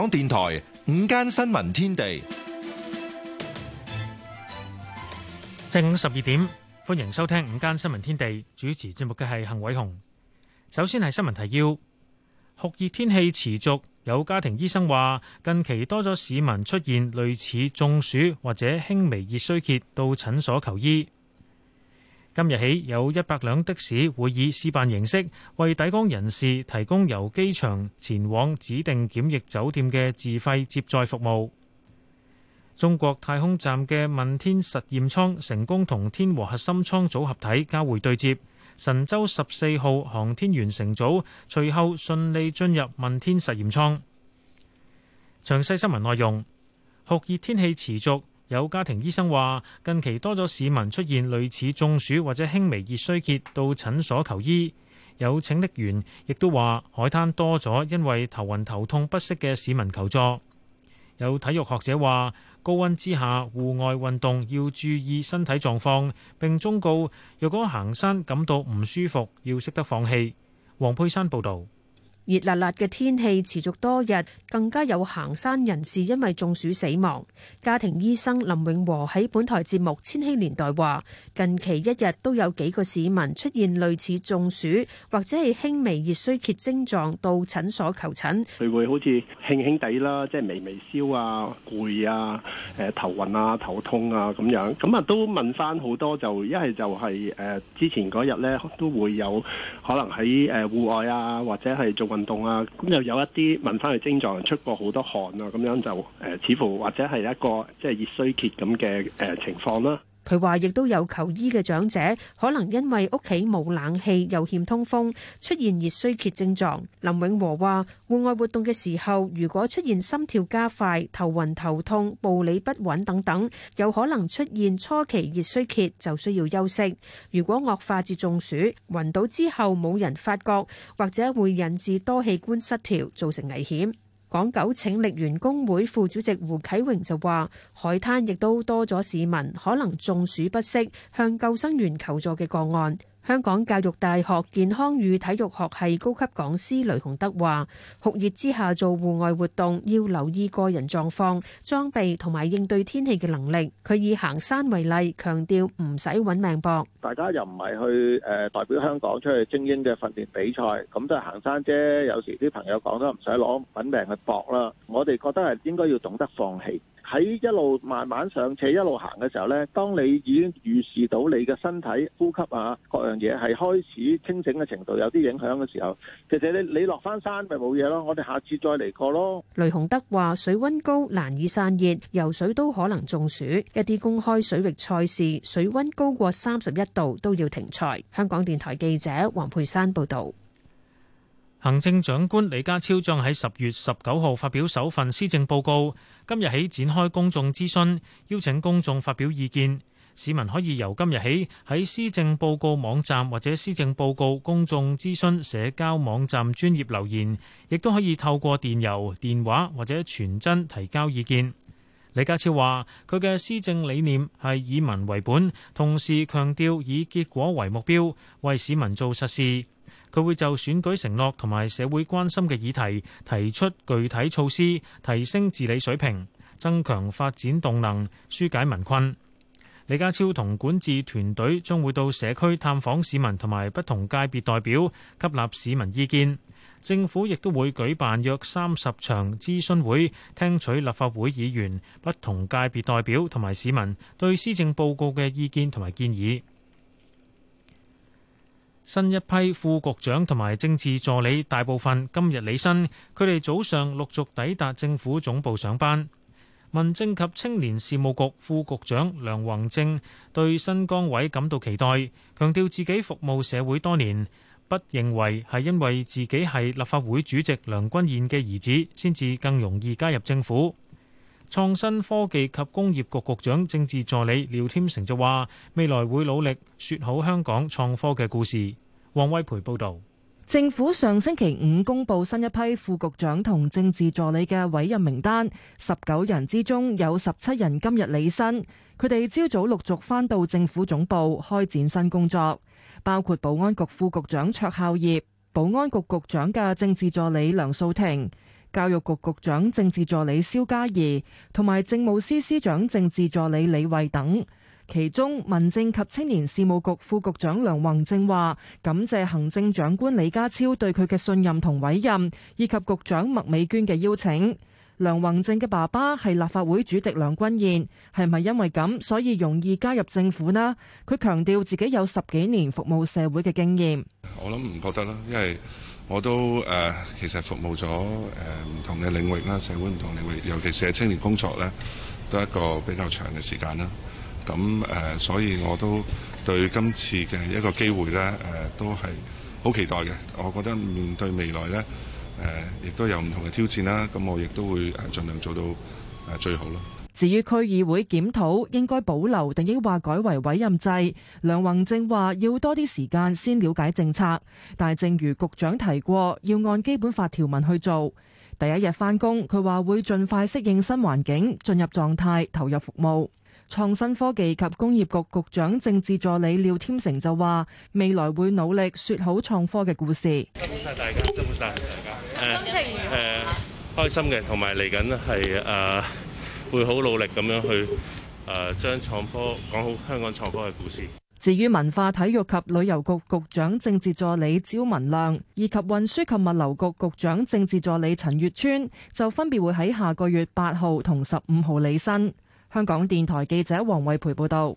香港電台午間新聞天地，正午十二點，歡迎收聽午間新聞天地。主持節目嘅係幸偉雄。首先係新聞提要：酷熱天氣持續，有家庭醫生話，近期多咗市民出現類似中暑或者輕微熱衰竭，到診所求醫。今日起，有一百輛的士會以試辦形式為抵港人士提供由機場前往指定檢疫酒店嘅自費接載服務。中國太空站嘅問天實驗艙成功同天和核心艙組合體交匯對接，神舟十四號航天員乘組隨後順利進入問天實驗艙。詳細新聞內容，酷熱天氣持續。有家庭醫生話：近期多咗市民出現類似中暑或者輕微熱衰竭，到診所求醫。有拯溺員亦都話，海灘多咗，因為頭暈頭痛不適嘅市民求助。有體育學者話：高溫之下，戶外運動要注意身體狀況。並忠告，若果行山感到唔舒服，要識得放棄。黃佩珊報導。熱辣辣嘅天氣持續多日，更加有行山人士因為中暑死亡。家庭醫生林永和喺本台節目《千禧年代》話，近期一日都有幾個市民出現類似中暑或者係輕微熱衰竭症狀到診所求診。佢會好似輕輕地啦，即係微微燒啊、攰啊、誒頭暈啊、頭痛啊咁樣。咁啊都問翻好多，就一係就係、是、誒、呃、之前嗰日呢，都會有可能喺誒戶外啊或者係做運。運動啊，咁又有一啲問翻佢症狀，出過好多汗啊，咁樣就誒，似乎或者係一個即係熱衰竭咁嘅誒情況啦。 佢話：亦都有求醫嘅長者，可能因為屋企冇冷氣又欠通風，出現熱衰竭症狀。林永和話：戶外活動嘅時候，如果出現心跳加快、頭暈頭痛、步履不穩等等，有可能出現初期熱衰竭，就需要休息。如果惡化至中暑、暈倒之後冇人發覺，或者會引致多器官失調，造成危險。港九請力員工會副主席胡啟榮就話，海灘亦都多咗市民，可能中暑不適，向救生員求助嘅個案。香港教育大學健康與體育學系高級講師雷雄德話，酷熱之下做戶外活動要留意個人狀況、裝備同埋應對天氣嘅能力。佢以行山為例，強調唔使揾命搏。大家又唔係去，誒，代表香港出去精英嘅訓練比賽，咁都係行山啫。有時啲朋友講得唔使攞揾命去搏啦。我哋覺得係應該要懂得放棄。喺一路慢慢上斜一路行嘅時候咧，當你已經預示到你嘅身體呼吸啊各樣嘢係開始清醒嘅程度有啲影響嘅時候，其實你你落翻山咪冇嘢咯。我哋下次再嚟過咯。雷洪德話：水溫高難以散熱，游水都可能中暑。一啲公開水域賽事水溫高過三十一度都要停賽。香港電台記者黃佩珊報道。行政長官李家超將喺十月十九號發表首份施政報告，今日起展開公眾諮詢，邀請公眾發表意見。市民可以由今日起喺施政報告網站或者施政報告公眾諮詢社交網站專頁留言，亦都可以透過電郵、電話或者傳真提交意見。李家超話：佢嘅施政理念係以民為本，同時強調以結果為目標，為市民做實事。佢會就選舉承諾同埋社會關心嘅議題提出具體措施，提升治理水平，增強發展動能，疏解民困。李家超同管治團隊將會到社區探訪市民同埋不同界別代表，吸納市民意見。政府亦都會舉辦約三十場諮詢會，聽取立法會議員、不同界別代表同埋市民對施政報告嘅意見同埋建議。新一批副局長同埋政治助理大部分今日履新，佢哋早上陸續抵達政府總部上班。民政及青年事務局副局長梁宏正對新崗位感到期待，強調自己服務社會多年，不認為係因為自己係立法會主席梁君彥嘅兒子，先至更容易加入政府。創新科技及工業局局長政治助理廖添成就話，未來會努力說好香港創科嘅故事。王威培報道。政府上星期五公布新一批副局長同政治助理嘅委任名單，十九人之中有十七人今日履新。佢哋朝早陸續返到政府總部開展新工作，包括保安局副局長卓孝業、保安局局長嘅政治助理梁素婷。教育局局長政治助理蕭嘉儀同埋政務司司長政治助理李慧等，其中民政及青年事務局副局長梁宏正話感謝行政長官李家超對佢嘅信任同委任，以及局長麥美娟嘅邀請。梁宏正嘅爸爸係立法會主席梁君彥，係咪因為咁所以容易加入政府呢？佢強調自己有十幾年服務社會嘅經驗，我諗唔覺得啦，因為。我都誒、呃、其實服務咗誒唔同嘅領域啦，社會唔同領域，尤其是係青年工作咧，都係一個比較長嘅時間啦。咁、嗯、誒、呃、所以我都對今次嘅一個機會咧誒、呃、都係好期待嘅。我覺得面對未來咧誒、呃、亦都有唔同嘅挑戰啦。咁、嗯、我亦都會誒盡量做到誒、呃、最好咯。至於區議會檢討應該保留定抑或改為委任制，梁宏正話要多啲時間先了解政策，但係正如局長提過，要按基本法條文去做。第一日返工，佢話會盡快適應新環境，進入狀態，投入服務。創新科技及工業局局，局長政治助理廖天成就話，未來會努力説好創科嘅故事。辛苦曬大家，辛苦曬大家。心情愉快開心嘅，同埋嚟緊係誒。啊會好努力咁樣去誒，將創科講好香港創科嘅故事。至於文化、體育及旅遊局局長政治助理招文亮，以及運輸及物流局局長政治助理陳月川，就分別會喺下個月八號同十五號離任。香港電台記者黃惠培報導。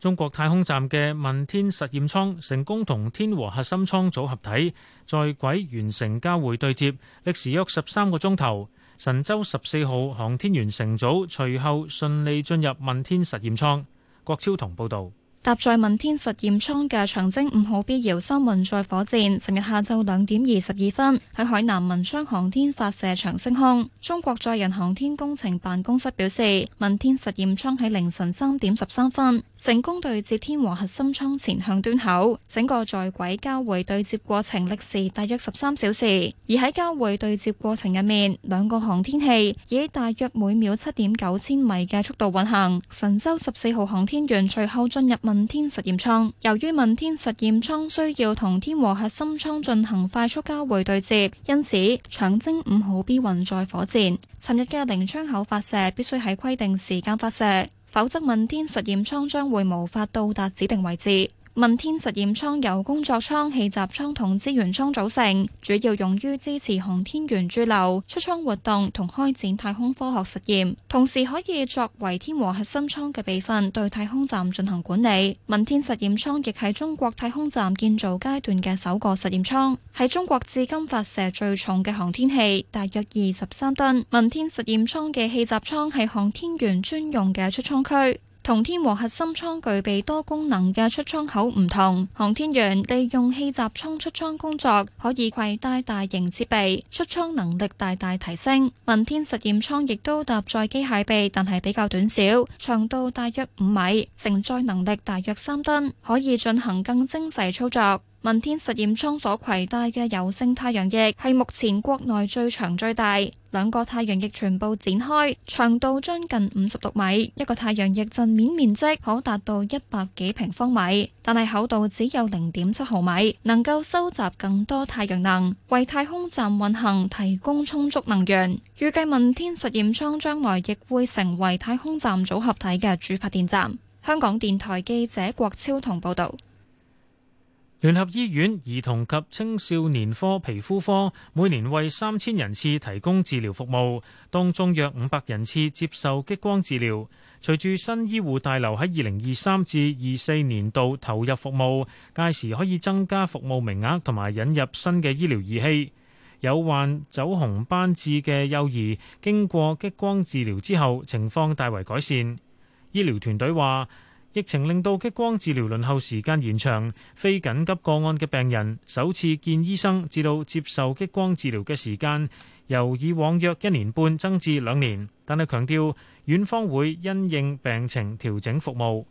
中國太空站嘅問天實驗艙成功同天和核心艙組合體在軌完成交會對接，歷時約十三個鐘頭。神舟十四號航天員乘組隨後順利進入問天實驗艙。郭超堂報導，搭載問天實驗艙嘅長征五號 B 遙三運載火箭，尋日下晝兩點二十二分喺海南文昌航天發射場升空。中國載人航天工程辦公室表示，問天實驗艙喺凌晨三點十三分。成功對接天和核心艙前向端口，整個在軌交匯對接過程歷時大約十三小時，而喺交匯對接過程入面，兩個航天器以大約每秒七點九千米嘅速度運行。神舟十四號航天員隨後進入問天實驗艙。由於問天實驗艙需要同天和核心艙進行快速交匯對接，因此長征五號 B 運載火箭尋日嘅零窗口發射必須喺規定時間發射。否則，問天實驗艙將會無法到達指定位置。問天實驗艙由工作艙、氣閘艙同資源艙組成，主要用於支持航天員駐留、出艙活動同開展太空科學實驗，同時可以作為天和核心艙嘅備份，對太空站進行管理。問天實驗艙亦係中國太空站建造階段嘅首個實驗艙，係中國至今發射最重嘅航天器，大約二十三噸。問天實驗艙嘅氣閘艙係航天員專用嘅出艙區。同天和核心艙具備多功能嘅出艙口唔同，航天員利用氣閘艙出艙工作，可以携帶大型設備，出艙能力大大提升。問天實驗艙亦都搭載機械臂，但係比較短小，長度大約五米，承載能力大約三噸，可以進行更精細操作。問天實驗艙所攜帶嘅柔性太陽翼係目前國內最長最大，兩個太陽翼全部展開，長度將近五十六米，一個太陽翼陣面面積可達到一百幾平方米，但係厚度只有零點七毫米，能夠收集更多太陽能，為太空站運行提供充足能源。預計問天實驗艙將來亦會成為太空站組合體嘅主發電站。香港電台記者郭超同報道。聯合醫院兒童及青少年科皮膚科每年為三千人次提供治療服務，當中約五百人次接受激光治療。隨住新醫護大樓喺二零二三至二四年度投入服務，屆時可以增加服務名額同埋引入新嘅醫療儀器。有患走紅斑痣嘅幼兒經過激光治療之後，情況大為改善。醫療團隊話：疫情令到激光治療輪候時間延長，非緊急個案嘅病人首次見醫生至到接受激光治療嘅時間由以往約一年半增至兩年。但係強調院方會因應病情調整服務，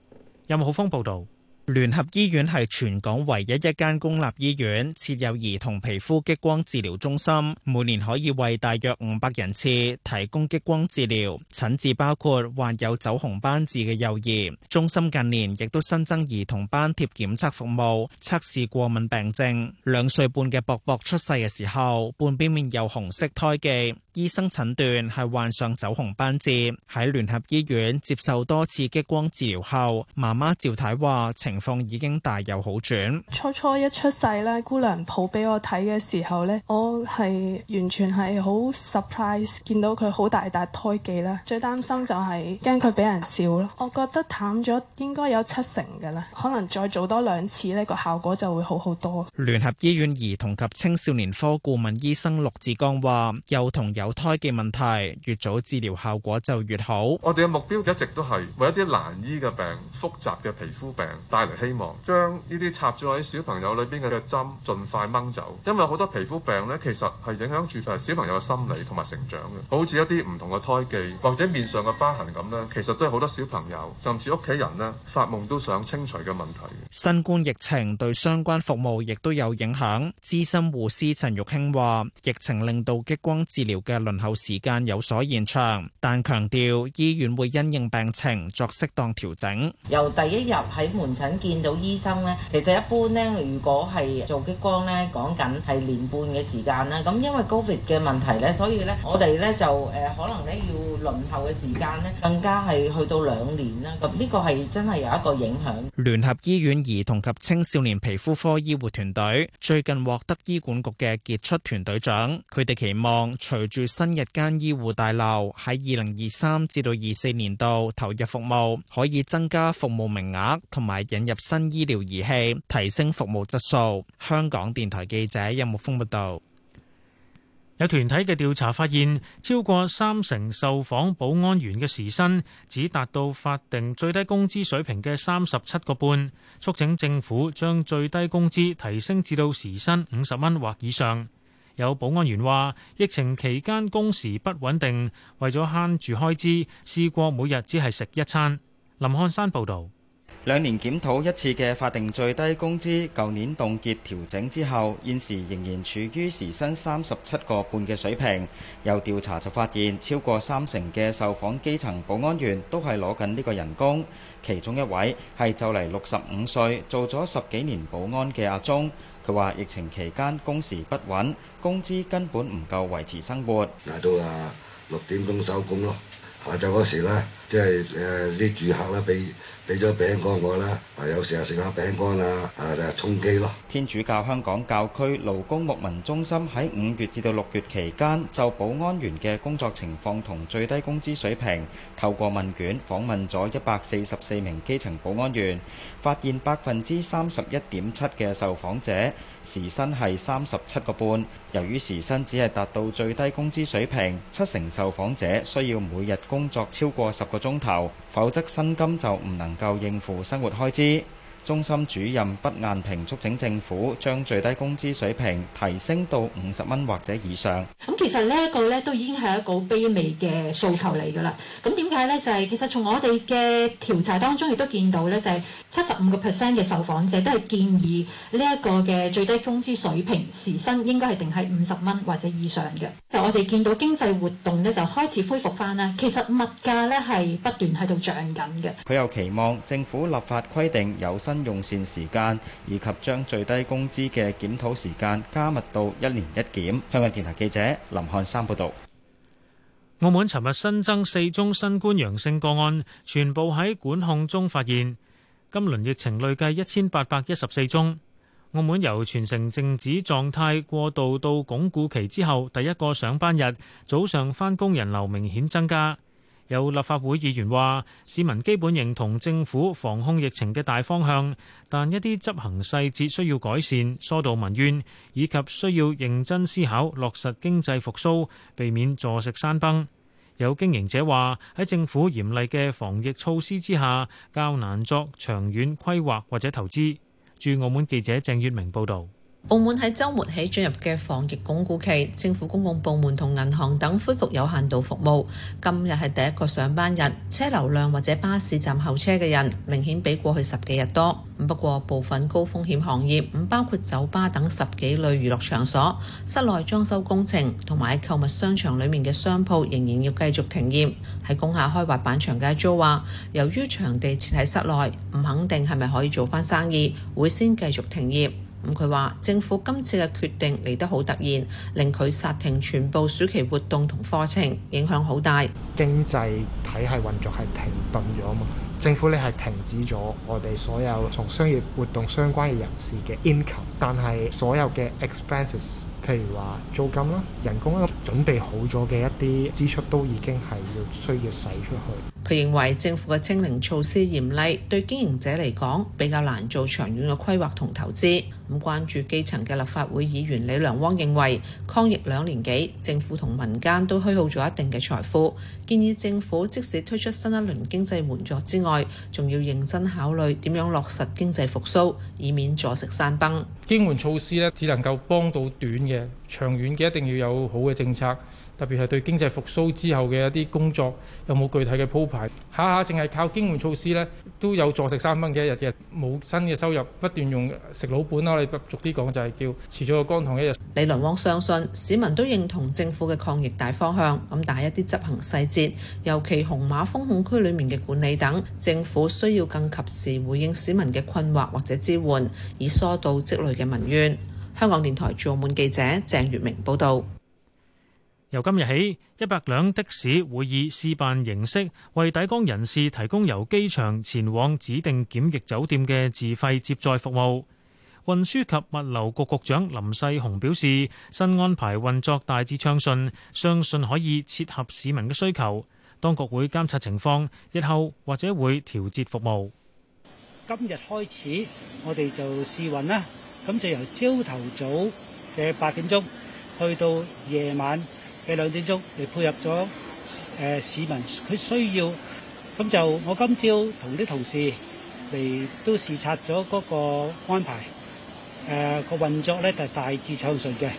任浩峰報道。聯合醫院係全港唯一一間公立醫院設有兒童皮膚激光治療中心，每年可以為大約五百人次提供激光治療診治，包括患有走紅斑痣嘅幼兒。中心近年亦都新增兒童斑貼檢測服務，測試過敏病症。兩歲半嘅博博出世嘅時候，半邊面有紅色胎記。醫生診斷係患上酒紅斑痣，喺聯合醫院接受多次激光治療後，媽媽趙太話情況已經大有好轉。初初一出世啦，姑娘抱俾我睇嘅時候咧，我係完全係好 surprise，見到佢好大笪胎記啦。最擔心就係驚佢俾人笑咯。我覺得淡咗應該有七成噶啦，可能再做多兩次，呢個效果就會好好多。聯合醫院兒童及青少年科顧問醫生陸志剛話，幼童有胎記問題，越早治療效果就越好。我哋嘅目標一直都係為一啲難醫嘅病、複雜嘅皮膚病帶嚟希望，將呢啲插咗喺小朋友裏邊嘅針盡快掹走。因為好多皮膚病呢，其實係影響住小朋友嘅心理同埋成長嘅。好似一啲唔同嘅胎記或者面上嘅疤痕咁呢，其實都係好多小朋友甚至屋企人呢發夢都想清除嘅問題。新冠疫情對相關服務亦都有影響。資深護師陳玉卿話，疫情令到激光治療嘅輪候時間有所延長，但強調醫院會因應病情作適當調整。由第一日喺門診見到醫生咧，其實一般咧，如果係做激光咧，講緊係年半嘅時間啦。咁因為高熱嘅問題咧，所以咧我哋咧就誒可能咧要輪候嘅時間咧更加係去到兩年啦。咁呢個係真係有一個影響。聯合醫院兒童及青少年皮膚科醫護團隊最近獲得醫管局嘅傑出團隊獎，佢哋期望隨住新日間醫護大樓喺二零二三至到二四年度投入服務，可以增加服務名額同埋引入新醫療儀器，提升服務質素。香港電台記者任木峰報道。有團體嘅調查發現，超過三成受訪保安員嘅時薪只達到法定最低工資水平嘅三十七個半，促請政府將最低工資提升至到時薪五十蚊或以上。有保安員話，疫情期間工時不穩定，為咗慳住開支，試過每日只係食一餐。林漢山報道，兩年檢討一次嘅法定最低工資，舊年凍結調整之後，現時仍然處於時薪三十七個半嘅水平。有調查就發現，超過三成嘅受訪基層保安員都係攞緊呢個人工。其中一位係就嚟六十五歲，做咗十幾年保安嘅阿鍾。佢話疫情期間工時不穩，工資根本唔夠維持生活。捱到啊六點鐘收工咯，下晝嗰時咧，即係誒啲住客咧俾，俾咗餅乾我啦，啊有時候食下餅乾啊，啊就係充飢咯。天主教香港教區勞工牧民中心喺五月至到六月期間，就保安員嘅工作情況同最低工資水平，透過問卷訪問咗一百四十四名基層保安員，發現百分之三十一點七嘅受訪者時薪係三十七個半，由於時薪只係達到最低工資水平，七成受訪者需要每日工作超過十個鐘頭，否則薪金就唔能夠夠應付生活開支。中心主任畢雁平促請政府將最低工資水平提升到五十蚊或者以上。咁其實呢一個咧都已經係一個卑微嘅訴求嚟噶啦。咁點解咧？就係其實從我哋嘅調查當中亦都見到咧，就係七十五個 percent 嘅受訪者都係建議呢一個嘅最低工資水平時薪應該係定係五十蚊或者以上嘅。就我哋見到經濟活動咧就開始恢復翻啦，其實物價咧係不斷喺度漲緊嘅。佢又期望政府立法規定有薪用膳時間以及將最低工資嘅檢討時間加密到一年一檢。香港電台記者林漢生報導。澳門尋日新增四宗新冠陽性個案，全部喺管控中發現。今輪疫情累計一千八百一十四宗。澳門由全城靜止狀態過渡到鞏固期之後，第一個上班日早上返工人流明顯增加。有立法會議員話：市民基本認同政府防控疫情嘅大方向，但一啲執行細節需要改善、疏導民怨，以及需要認真思考落實經濟復甦，避免坐食山崩。有經營者話：喺政府嚴厲嘅防疫措施之下，較難作長遠規劃或者投資。駐澳門記者鄭月明報導。澳門喺周末起進入嘅防疫鞏固期，政府、公共部門同銀行等恢復有限度服務。今日係第一個上班日，車流量或者巴士站候車嘅人明顯比過去十幾日多。不過，部分高風險行業唔包括酒吧等十幾類娛樂場所、室內裝修工程同埋喺購物商場裏面嘅商鋪仍然要繼續停業。喺工廈開滑板場嘅阿朱話，由於場地設喺室內，唔肯定係咪可以做返生意，會先繼續停業。咁佢話：政府今次嘅決定嚟得好突然，令佢煞停全部暑期活動同課程，影響好大。經濟體系運作係停頓咗嘛，政府你係停止咗我哋所有從商業活動相關嘅人士嘅 income，但係所有嘅 expenses，譬如話租金啦、人工啦，準備好咗嘅一啲支出，都已經係要需要使出去。佢認為政府嘅清零措施嚴厲，對經營者嚟講比較難做長遠嘅規劃同投資。咁關注基層嘅立法會議員李良汪認為，抗疫兩年幾，政府同民間都虛耗咗一定嘅財富，建議政府即使推出新一輪經濟援助之外，仲要認真考慮點樣落實經濟復甦，以免坐食山崩。經援措施咧，只能夠幫到短嘅，長遠嘅一定要有好嘅政策。特別係對經濟復甦之後嘅一啲工作有冇具體嘅鋪排？下下淨係靠經援措施咧，都有助食三蚊嘅一日嘅冇新嘅收入，不斷用食老本啦。你俗啲講就係叫遲早個光同一日。李倫旺相信市民都認同政府嘅抗疫大方向，咁但係一啲執行細節，尤其紅馬封控區裡面嘅管理等，政府需要更及時回應市民嘅困惑或者支援，以疏導積累嘅民怨。香港電台駐澳門記者鄭月明報導。由今日起，一百輛的士會以試辦形式為抵港人士提供由機場前往指定檢疫酒店嘅自費接載服務。運輸及物流局局長林世雄表示，新安排運作大致暢順，相信可以切合市民嘅需求。當局會監察情況，日後或者會調節服務。今日開始，我哋就試運啦。咁就由朝頭早嘅八點鐘去到夜晚嘅兩點鐘嚟配合咗誒、呃、市民佢需要，咁就我今朝同啲同事嚟都視察咗嗰個安排誒個、呃、運作咧，就係大致暢順嘅。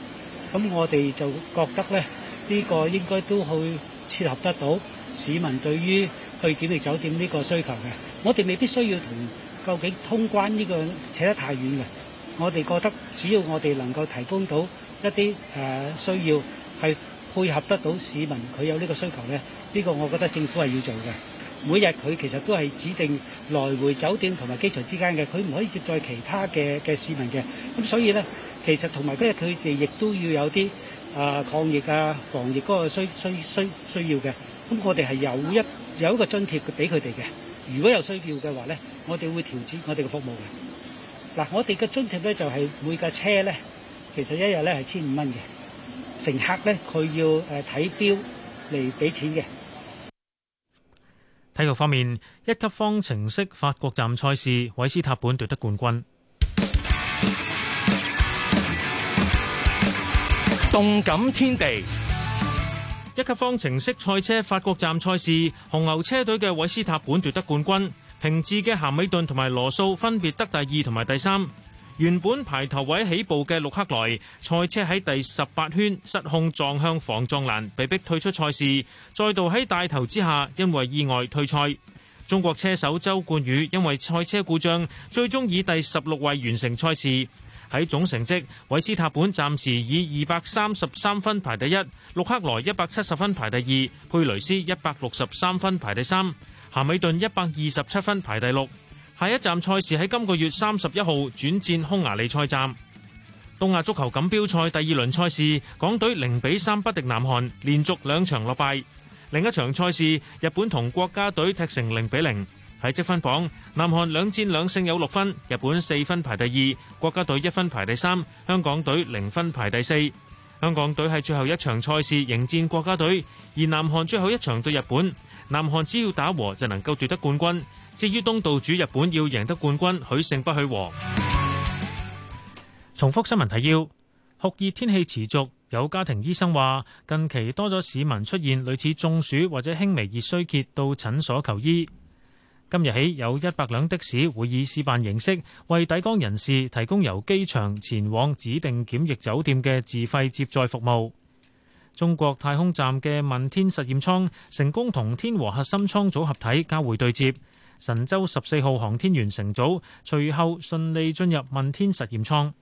咁我哋就覺得咧，呢個應該都去切合得到市民對於去檢疫酒店呢個需求嘅。我哋未必需要同究竟通關呢個扯得太遠嘅。我哋覺得只要我哋能夠提供到一啲誒、呃、需要係。配合得到市民佢有呢個需求咧，呢、這個我覺得政府係要做嘅。每日佢其實都係指定來回酒店同埋機場之間嘅，佢唔可以接載其他嘅嘅市民嘅。咁、嗯、所以咧，其實同埋今日佢哋亦都要有啲啊、呃、抗疫啊防疫嗰個需需需需要嘅。咁、嗯、我哋係有一有一個津貼俾佢哋嘅。如果有需要嘅話咧，我哋會調整我哋嘅服務嘅。嗱，我哋嘅津貼咧就係、是、每架車咧，其實一日咧係千五蚊嘅。乘客呢，佢要誒睇表嚟俾錢嘅。體育方面，一級方程式法國站賽事，韋斯塔本奪得冠軍。動感天地，一級方程式賽車法國站賽事，紅牛車隊嘅韋斯塔本奪得冠軍，平治嘅咸美頓同埋羅素分別得第二同埋第三。原本排頭位起步嘅陸克萊賽車喺第十八圈失控撞向防撞欄，被逼退出賽事；再度喺帶頭之下，因為意外退賽。中國車手周冠宇因為賽車故障，最終以第十六位完成賽事。喺總成績，韋斯塔本暫時以二百三十三分排第一，陸克萊一百七十分排第二，佩雷斯一百六十三分排第三，夏美頓一百二十七分排第六。下一站賽事喺今個月三十一號轉戰匈牙利賽站。東亞足球錦標賽第二輪賽事，港隊零比三不敵南韓，連續兩場落敗。另一場賽事，日本同國家隊踢成零比零。喺積分榜，南韓兩戰兩勝有六分，日本四分排第二，國家隊一分排第三，香港隊零分排第四。香港隊係最後一場賽事迎戰國家隊，而南韓最後一場對日本，南韓只要打和就能夠奪得冠軍。至於東道主日本要贏得冠軍，許勝不許和。重複新聞提要：酷熱天氣持續，有家庭醫生話近期多咗市民出現類似中暑或者輕微熱衰竭，到診所求醫。今日起有一百輛的士會以試辦形式為抵港人士提供由機場前往指定檢疫酒店嘅自費接載服務。中國太空站嘅問天實驗艙成功同天和核心艙組合體交會對接。神舟十四號航天員乘組隨後順利進入問天實驗艙。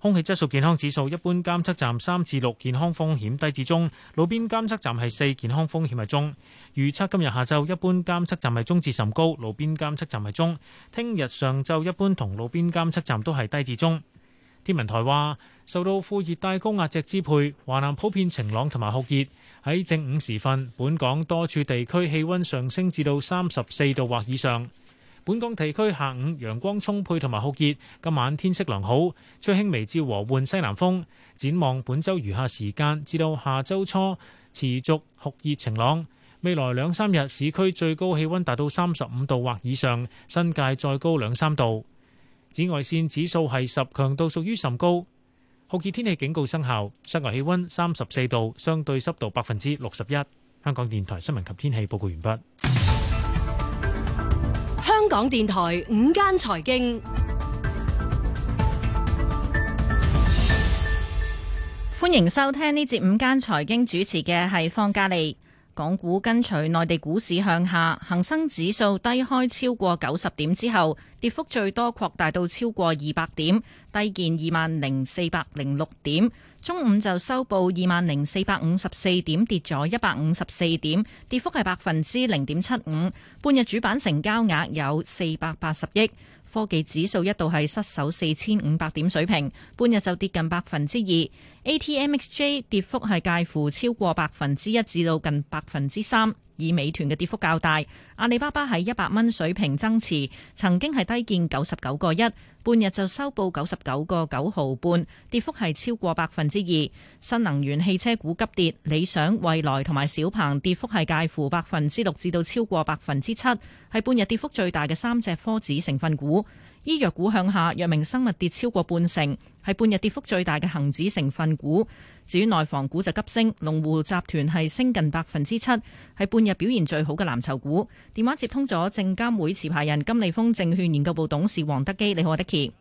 空氣質素健康指數一般監測站三至六，健康風險低至中；路邊監測站係四，健康風險係中。預測今日下晝一般監測站係中至甚高，路邊監測站係中。聽日上晝一般同路邊監測站都係低至中。天文台話，受到副熱帶高壓脊支配，華南普遍晴朗同埋酷熱。喺正午時分，本港多處地區氣温上升至到三十四度或以上。本港地區下午陽光充沛同埋酷熱，今晚天色良好，吹輕微至和緩西南風。展望本周餘下時間至到下周初，持續酷熱晴朗。未來兩三日市區最高氣温達到三十五度或以上，新界再高兩三度。紫外線指數係十，強度屬於甚高。酷熱天氣警告生效，室外氣温三十四度，相對濕度百分之六十一。香港電台新聞及天氣報告完畢。香港電台午間財經，歡迎收聽呢節午間財經主持嘅係方嘉莉。港股跟隨內地股市向下，恒生指數低開超過九十點之後，跌幅最多擴大到超過二百點，低見二萬零四百零六點。中午就收報二萬零四百五十四點，跌咗一百五十四點，跌幅係百分之零點七五。半日主板成交額有四百八十億。科技指數一度係失守四千五百點水平，半日就跌近百分之二。A T M X J 跌幅係介乎超過百分之一至到近百分之三，以美團嘅跌幅較大。阿里巴巴喺一百蚊水平增持，曾經係低見九十九個一，半日就收報九十九個九毫半，跌幅係超過百分之二。新能源汽車股急跌，理想、蔚來同埋小鵬跌幅係介乎百分之六至到超過百分之七，係半日跌幅最大嘅三隻科指成分股。醫藥股向下，藥明生物跌超過半成，係半日跌幅最大嘅恒指成分股。至於內房股就急升，龍湖集團係升近百分之七，係半日表現最好嘅藍籌股。電話接通咗證監會持牌人金利豐證券研究部董事黃德基，你好，德基。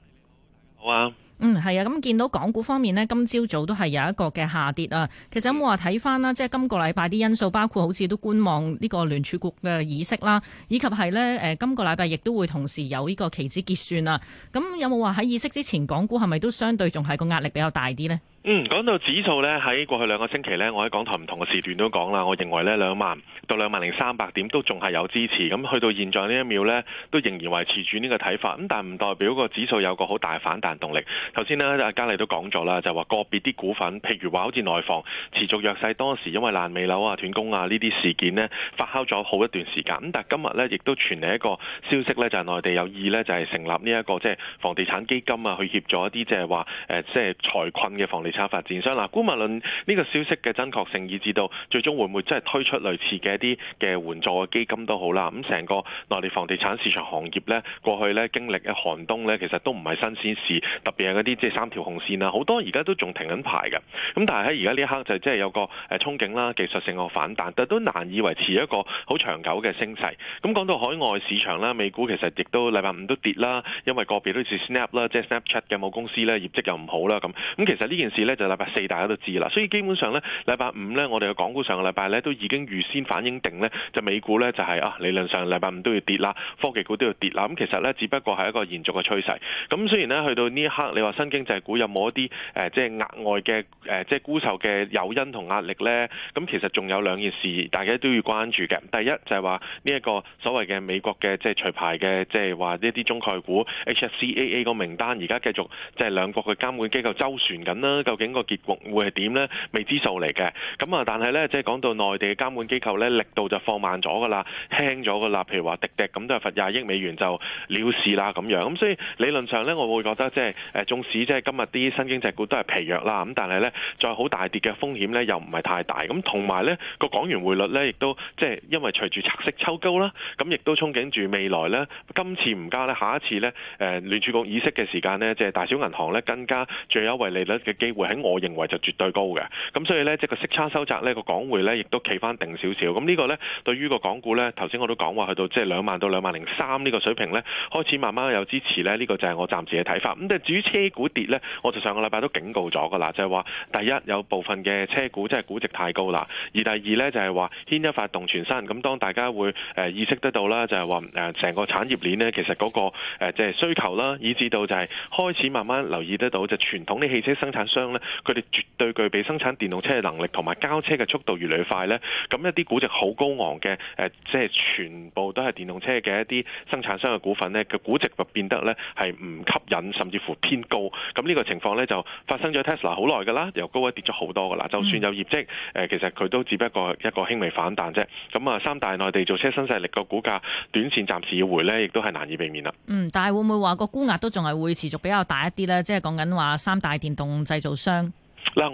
好啊。嗯，係啊，咁見到港股方面呢，今朝早早都係有一個嘅下跌啊。其實有冇話睇翻啦，即係今個禮拜啲因素包括好似都觀望呢個聯儲局嘅議息啦，以及係呢，誒今個禮拜亦都會同時有呢個期指結算啊。咁有冇話喺議息之前，港股係咪都相對仲係個壓力比較大啲呢？嗯，講到指數咧，喺過去兩個星期咧，我喺港台唔同嘅時段都講啦，我認為咧兩萬到兩萬零三百點都仲係有支持，咁去到現在呢一秒咧，都仍然維持住呢個睇法，咁但唔代表個指數有個好大反彈動力。頭先咧，阿嘉麗都講咗啦，就話個別啲股份，譬如話好似內房持續弱勢，當時因為爛尾樓啊、斷供啊呢啲事件呢發酵咗好一段時間，咁但係今日咧，亦都傳嚟一個消息咧，就係內地有意咧，就係成立呢一個即係房地產基金啊，去協助一啲即係話誒即係財困嘅房地。發展商嗱，姑勿論呢個消息嘅真確性，以至到最終會唔會真係推出類似嘅一啲嘅援助嘅基金都好啦。咁成個內地房地產市場行業咧，過去咧經歷嘅寒冬咧，其實都唔係新鮮事。特別係嗰啲即係三條紅線啦，好多而家都仲停緊牌㗎。咁但係喺而家呢一刻就即係有個誒憧憬啦，技術性嘅反彈，但都難以維持一個好長久嘅升勢。咁講到海外市場啦，美股其實亦都禮拜五都跌啦，因為個別好似 Snap 啦，即係 Snapchat 嘅母公司咧業績又唔好啦咁。咁其實呢件事。呢就禮拜四大家都知啦，所以基本上呢禮拜五呢，我哋嘅港股上個禮拜呢，都已經預先反映定呢，就美股呢、就是，就係啊理論上禮拜五都要跌啦，科技股都要跌啦。咁、嗯、其實呢，只不過係一個延續嘅趨勢。咁雖然呢，去到呢一刻，你話新經濟股有冇一啲誒即係額外嘅誒即係沽售嘅誘因同壓力呢？咁其實仲有兩件事大家都要關注嘅。第一就係話呢一個所謂嘅美國嘅即係除牌嘅即係話呢啲中概股 HFCAA 個名單，而家繼續即係兩國嘅監管機構周旋緊啦。究竟個結局會係點呢？未知數嚟嘅。咁啊，但係呢，即係講到內地嘅監管機構呢，力度就放慢咗噶啦，輕咗噶啦。譬如話滴滴咁都係罰廿億美元就了事啦咁樣。咁所以理論上呢，我會覺得即係誒，縱、呃、使即係今日啲新經濟股都係疲弱啦，咁但係呢，再好大跌嘅風險呢，又唔係太大。咁同埋呢，個港元匯率呢，亦都即係因為隨住拆息抽高啦，咁亦都憧憬住未來呢，今次唔加呢，下一次呢，誒、呃、聯儲局議息嘅時間呢，即係大小銀行呢，更加最優惠利率嘅機會。喺我認為就絕對高嘅，咁所以呢，即係個息差收窄呢，個港匯呢，亦都企翻定少少。咁呢個呢，對於個港股呢，頭先我都講話去到即係兩萬到兩萬零三呢個水平呢，開始慢慢有支持呢。呢個就係我暫時嘅睇法。咁至於車股跌呢，我就上個禮拜都警告咗㗎啦，就係話第一有部分嘅車股即係估值太高啦；而第二呢，就係話牽一發動全身。咁當大家會誒意識得到啦，就係話誒成個產業鏈呢，其實嗰個即係需求啦，以至到就係開始慢慢留意得到，就傳統啲汽車生產商。佢哋絕對具備生產電動車嘅能力，同埋交車嘅速度越嚟越快呢。咁一啲估值好高昂嘅，誒、呃，即係全部都係電動車嘅一啲生產商嘅股份呢，嘅估值就變得呢係唔吸引，甚至乎偏高。咁呢個情況呢，就發生咗 Tesla 好耐㗎啦，由高位跌咗好多㗎啦。就算有業績，誒、呃，其實佢都只不過一個，一個輕微反彈啫。咁啊，三大內地造車新勢力個股價短線暫時要回呢，亦都係難以避免啦。嗯，但係會唔會話個估額都仲係會持續比較大一啲呢？即係講緊話三大電動製造。嗱上，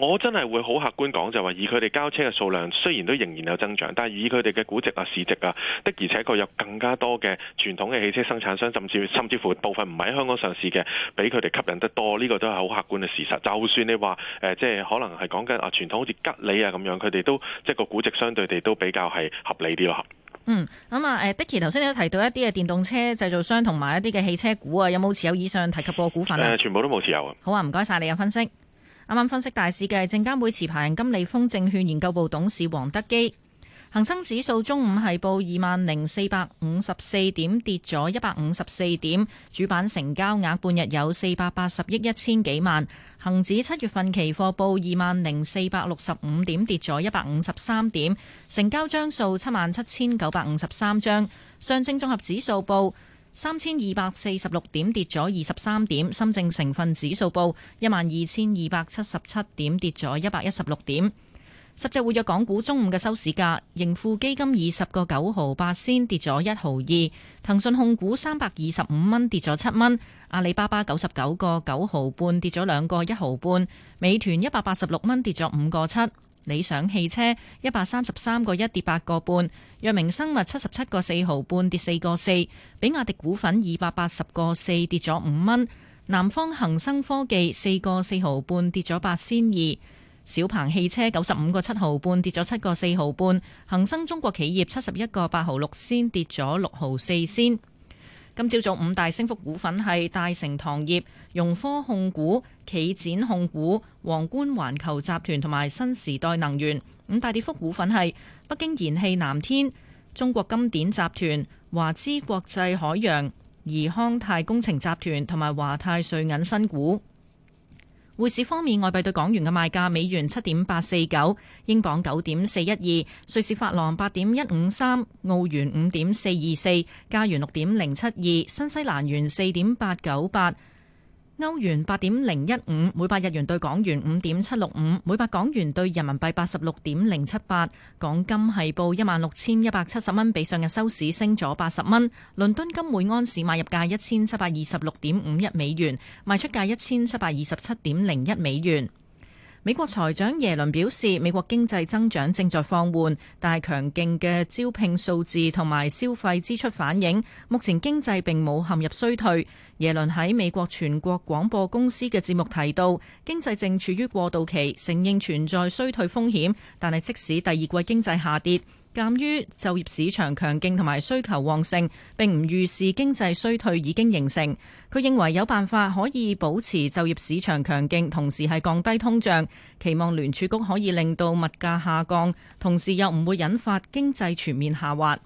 我真係會好客觀講，就話以佢哋交車嘅數量，雖然都仍然有增長，但係以佢哋嘅估值啊、市值啊，的而且確有更加多嘅傳統嘅汽車生產商，甚至甚至乎部分唔喺香港上市嘅，比佢哋吸引得多。呢、這個都係好客觀嘅事實。就算你話誒、呃，即係可能係講緊啊，傳統好似吉利啊咁樣，佢哋都即係個估值相對地都比較係合理啲咯。嗯，咁啊，誒，Dicky 頭先你都提到一啲嘅電動車製造商同埋一啲嘅汽車股啊，有冇持有以上提及過股份啊、呃？全部都冇持有啊。好啊，唔該晒你嘅分析。啱啱分析大市嘅證監會持牌人金利豐證券研究部董事王德基。恒生指數中午係報二萬零四百五十四點，跌咗一百五十四點，主板成交額半日有四百八十億一千幾萬，恒指七月份期貨報二萬零四百六十五點，跌咗一百五十三點，成交張數七萬七千九百五十三張，上證綜合指數報，三千二百四十六點，跌咗二十三點，深證成分指數報一萬二千二百七十七點，跌咗一百一十六點。十隻活躍港股中午嘅收市價，盈富基金二十個九毫八仙跌咗一毫二，騰訊控股三百二十五蚊跌咗七蚊，阿里巴巴九十九個九毫半跌咗兩個一毫半，美團一百八十六蚊跌咗五個七。理想汽車一百三十三個一跌八個半，藥明生物七十七個四毫半跌四個四，比亞迪股份二百八十個四跌咗五蚊，南方恒生科技四個四毫半跌咗八仙二，小鵬汽車九十五個七毫半跌咗七個四毫半，恒生中國企業七十一個八毫六先跌咗六毫四先。今朝早五大升幅股份係大成糖業、融科控股、企展控股、皇冠環球集團同埋新時代能源。五大跌幅股份係北京燃氣、藍天、中國金典集團、華資國際海洋、怡康泰工程集團同埋華泰瑞銀新股。匯市方面，外幣對港元嘅賣價：美元七點八四九，英鎊九點四一二，瑞士法郎八點一五三，澳元五點四二四，加元六點零七二，新西蘭元四點八九八。歐元八點零一五，每百日元對港元五點七六五，每百港元對人民幣八十六點零七八。港金係報一萬六千一百七十蚊，比上日收市升咗八十蚊。倫敦金每安士買入價一千七百二十六點五一美元，賣出價一千七百二十七點零一美元。美國財長耶倫表示，美國經濟增長正在放緩，但係強勁嘅招聘數字同埋消費支出反映，目前經濟並冇陷入衰退。耶倫喺美國全國廣播公司嘅節目提到，經濟正處於過渡期，承認存在衰退風險，但係即使第二季經濟下跌。鑒於就業市場強勁同埋需求旺盛，並唔預示經濟衰退已經形成。佢認為有辦法可以保持就業市場強勁，同時係降低通脹。期望聯儲局可以令到物價下降，同時又唔會引發經濟全面下滑。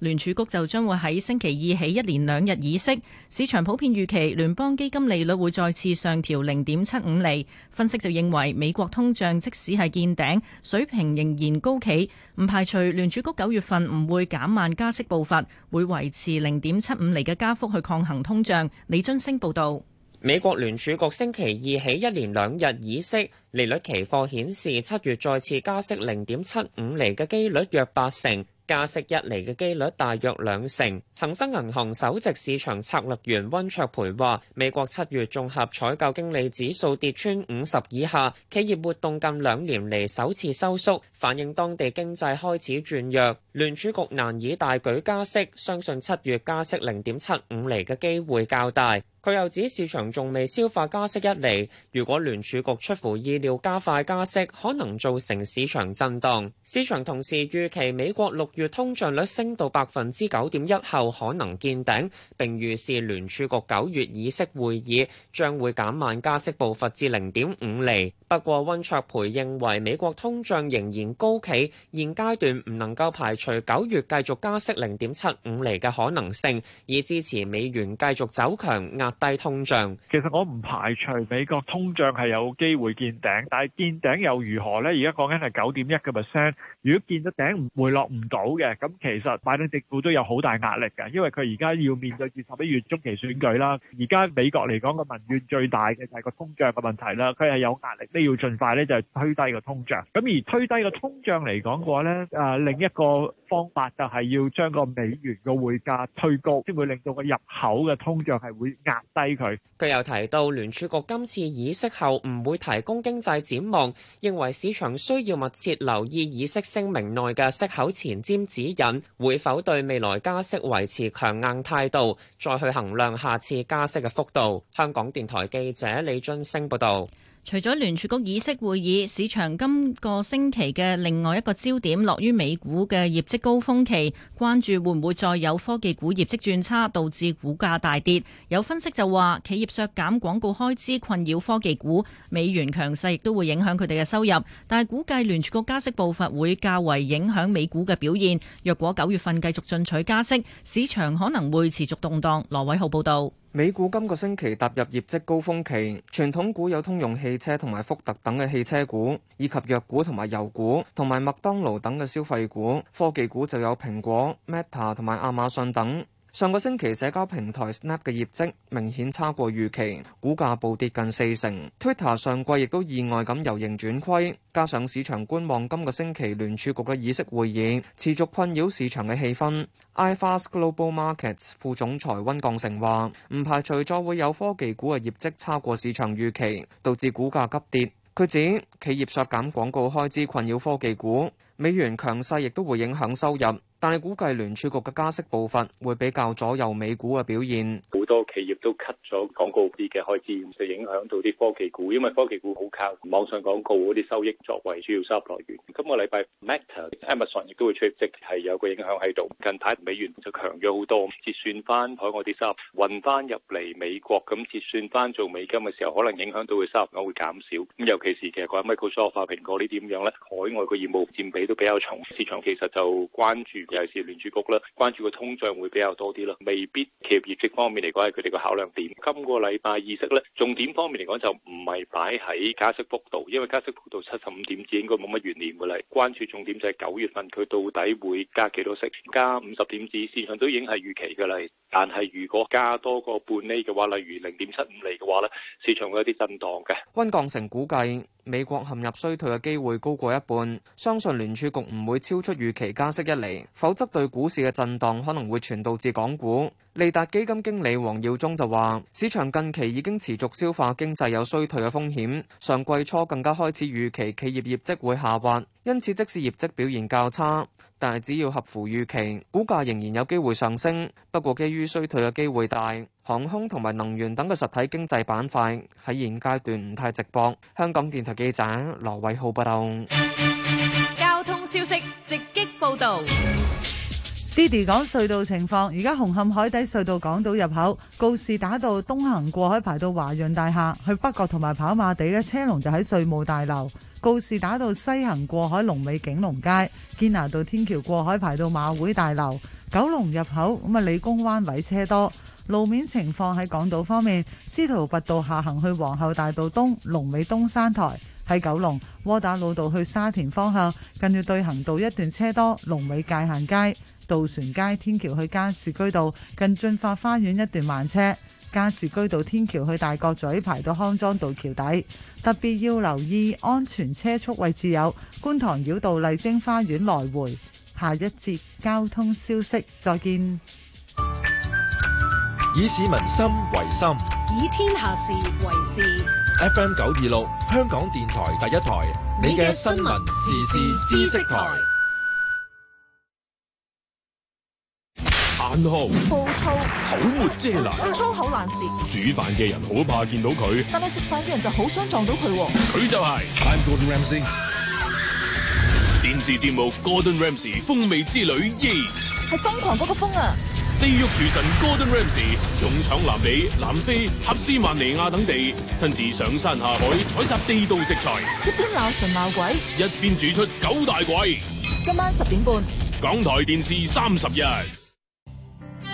聯儲局就將會喺星期二起一連兩日議息，市場普遍預期聯邦基金利率會再次上調零點七五厘。分析就認為美國通脹即使係見頂，水平仍然高企，唔排除聯儲局九月份唔會減慢加息步伐，會維持零點七五厘嘅加幅去抗衡通脹。李津升報導，美國聯儲局星期二起一連兩日議息，利率期貨顯示七月再次加息零點七五厘嘅機率約八成。加息一嚟嘅機率大約兩成，恒生銀行首席市場策略員溫卓培話，美國七月綜合採購經理指數跌穿五十以下，企業活動近兩年嚟，首次收縮，反映當地經濟開始轉弱。聯儲局難以大舉加息，相信七月加息零點七五厘嘅機會較大。佢又指市場仲未消化加息一釐，如果聯儲局出乎意料加快加息，可能造成市場震動。市場同時預期美國六月通脹率升到百分之九點一後可能見頂，並預示聯儲局九月議息會議將會減慢加息步伐至零點五厘。不過溫卓培認為美國通脹仍然高企，現階段唔能夠排除九月繼續加息零點七五厘嘅可能性，以支持美元繼續走強壓壓低通脹，其實我唔排除美國通脹係有機會見頂，但係見頂又如何呢？而家講緊係九點一個 percent，如果見到頂回落唔到嘅，咁其實拜登政府都有好大壓力嘅，因為佢而家要面對住十一月中期選舉啦。而家美國嚟講個民怨最大嘅就係個通脹嘅問題啦，佢係有壓力，呢要盡快呢就推低個通脹。咁而推低個通脹嚟講嘅話呢，誒另一個方法就係要將個美元嘅匯價推高，先會令到個入口嘅通脹係會壓低佢。佢又提到，聯儲局今次議息後唔會提供經濟展望，認為市場需要密切留意議息聲明內嘅息口前瞻指引，會否對未來加息維持強硬態度，再去衡量下次加息嘅幅度。香港電台記者李俊升報道。除咗聯儲局議息會議，市場今個星期嘅另外一個焦點落於美股嘅業績高峰期，關注會唔會再有科技股業績轉差，導致股價大跌。有分析就話，企業削減廣告開支困擾科技股，美元強勢亦都會影響佢哋嘅收入。但係估計聯儲局加息步伐會較為影響美股嘅表現。若果九月份繼續進取加息，市場可能會持續動盪。羅偉浩報導。美股今個星期踏入業績高峰期，傳統股有通用汽車同埋福特等嘅汽車股，以及藥股同埋油股，同埋麥當勞等嘅消費股；科技股就有蘋果、Meta 同埋亞馬遜等。上個星期社交平台 Snap 嘅業績明顯差過預期，股價暴跌近四成。Twitter 上季亦都意外咁由盈轉虧，加上市場觀望今個星期聯儲局嘅議息會議，持續困擾市場嘅氣氛。iFast Global Markets 副總裁温鋼成話：唔排除再會有科技股嘅業績差過市場預期，導致股價急跌。佢指企業削減廣告開支困擾科技股，美元強勢亦都會影響收入。但係估計聯儲局嘅加息部分會比較左右美股嘅表現，好多企業都 cut 咗廣告啲嘅開支，就影響到啲科技股，因為科技股好靠網上廣告嗰啲收益作為主要收入來源。今個禮拜，Meta、Amazon 亦都會出業績，係有個影響喺度。近排美元就強咗好多，折算翻，海外啲收入運翻入嚟美國咁折算翻做美金嘅時候，可能影響到佢收入會減少。咁尤其是其實講 Microsoft、蘋果呢點樣咧，海外嘅業務佔比都比較重，市場其實就關注。尤其是聯儲局啦，關注個通脹會比較多啲啦，未必企業業績方面嚟講係佢哋個考量點。今個禮拜議息咧，重點方面嚟講就唔係擺喺加息幅度，因為加息幅度七十五點子應該冇乜懸念㗎啦。關注重點就係九月份佢到底會加幾多息，加五十點子，市場都已經係預期㗎啦。但係如果加多個半厘嘅話，例如零點七五厘嘅話咧，市場會有啲震盪嘅。溫鋼城估計。美國陷入衰退嘅機會高過一半，相信聯儲局唔會超出預期加息一厘，否則對股市嘅震盪可能會傳導至港股。利達基金經理黃耀忠就話，市場近期已經持續消化經濟有衰退嘅風險，上季初更加開始預期企業業績會下滑，因此即使業績表現較差。但係只要合乎預期，股價仍然有機會上升。不過，基於衰退嘅機會大，航空同埋能源等嘅實體經濟板塊喺現階段唔太直播。香港電台記者羅偉浩報道。交通消息直擊報導。d i d 講隧道情況，而家紅磡海底隧道港島入口告士打道東行過海排到華潤大廈，去北角同埋跑馬地嘅車龍就喺稅務大樓告士打道西行過海龍尾景隆街堅拿道天橋過海排到馬會大樓九龍入口咁啊，理工灣位車多路面情況。喺港島方面，司徒拔道下行去皇后大道東龍尾東山台，喺九龍窩打老道去沙田方向近住對行道一段車多龍尾界限街。渡船街天橋去加士居道近駿發花園一段慢車，加士居道天橋去大角咀排到康莊道橋底，特別要留意安全車速位置有觀塘繞道麗晶花園來回。下一節交通消息，再見。以市民心為心，以天下事為事。F M 九二六香港電台第一台，你嘅新聞時事知識台。粗口沒遮攔、粗口爛舌，煮飯嘅人好怕見到佢，但係食飯嘅人就好想撞到佢。佢就係，I'm Gordon Ramsay。電視節目《Gordon Ramsay：風味之旅二》yeah!，係瘋狂嗰個瘋啊！地獄廚神 Gordon Ramsay 勇闖南美、南非、恰斯曼尼亞等地，親自上山下海採集地道食材， 一邊鬧神鬧鬼，一邊煮出九大簋。今晚十點半，港台電視三十一。